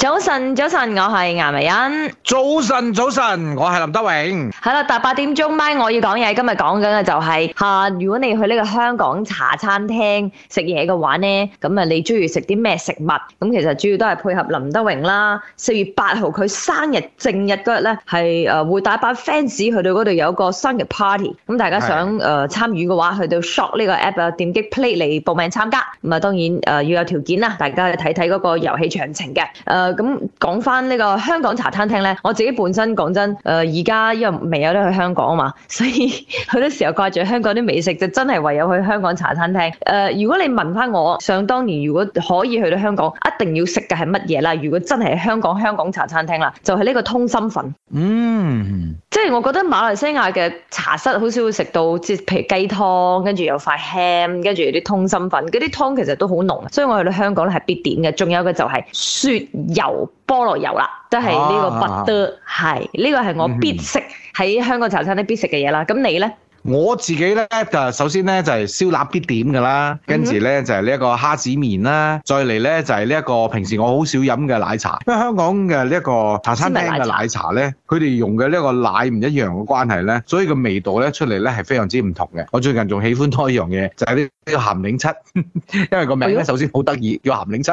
早晨，早晨，我係顏美欣。早晨，早晨，我係林德榮。係啦，達八點鐘咪，我要講嘢。今日講緊嘅就係、是，吓、啊，如果你去呢個香港茶餐廳食嘢嘅話咧，咁啊，你中意食啲咩食物？咁其實主要都係配合林德榮啦。四月八號佢生日正日嗰日咧，係誒、呃、會帶一班 fans 去到嗰度有個生日 party。咁大家想誒對、呃、參與嘅話，去到 shop 呢個 app 啊，點擊 play 嚟報名參加。咁、嗯、啊，當然誒、呃、要有條件啦，大家去睇睇嗰個遊戲詳情嘅誒。呃呃呃呃呃咁講翻呢個香港茶餐廳呢，我自己本身講真，誒，而家因為未有得去香港啊嘛，所以好多時候掛住香港啲美食，就真係唯有去香港茶餐廳。誒、呃，如果你問翻我，想當年如果可以去到香港，一定要食嘅係乜嘢啦？如果真係香港香港茶餐廳啦，就係、是、呢個通心粉。嗯，即係我覺得馬來西亞嘅茶室好少會食到即譬如雞湯，跟住有塊 ham，跟住啲通心粉，嗰啲湯其實都好濃，所以我去到香港咧係必點嘅。仲有嘅就係雪菠蘿油菠蘿油啦，都係呢個 butter、啊。係呢個係我必食喺、嗯、哼香港茶餐廳必食嘅嘢啦。咁你咧？我自己咧就首先咧就係燒臘必點㗎啦，跟住咧就係呢一個蝦子麵啦，再嚟咧就係呢一個平時我好少飲嘅奶茶，因為香港嘅呢一個茶餐廳嘅奶茶咧，佢哋用嘅呢一個奶唔一樣嘅關係咧，所以個味道咧出嚟咧係非常之唔同嘅。我最近仲喜歡多一樣嘢，就係呢個鹹檸七，因為個名咧首先好得意，叫鹹檸七，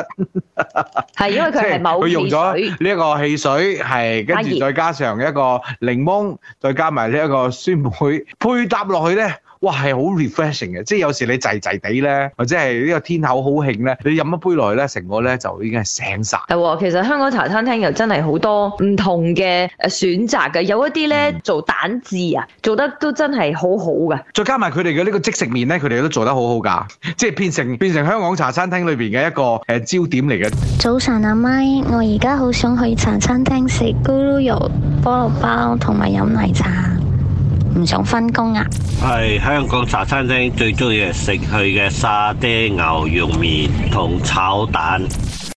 係因為佢係某佢用咗呢一個汽水，係跟住再加上一個檸檬，再加埋呢一個酸梅配搭。搭落去呢，哇係好 refreshing 嘅，即係有時你滯滯地呢，或者係呢個天口好興呢，你飲一杯落去呢，成個呢就已經係醒晒。係喎，其實香港茶餐廳又真係好多唔同嘅誒選擇㗎，有一啲呢，做蛋治啊，做得都真係好好㗎。嗯、再加埋佢哋嘅呢個即食麵呢，佢哋都做得好好㗎，即係變成變成香港茶餐廳裏邊嘅一個誒、呃、焦點嚟嘅。早上阿、啊、媽，我而家好想去茶餐廳食咕嚕肉菠蘿包同埋飲奶茶。唔想返工啊！係香港茶餐廳最鍾意食佢嘅沙爹牛肉麵同炒蛋。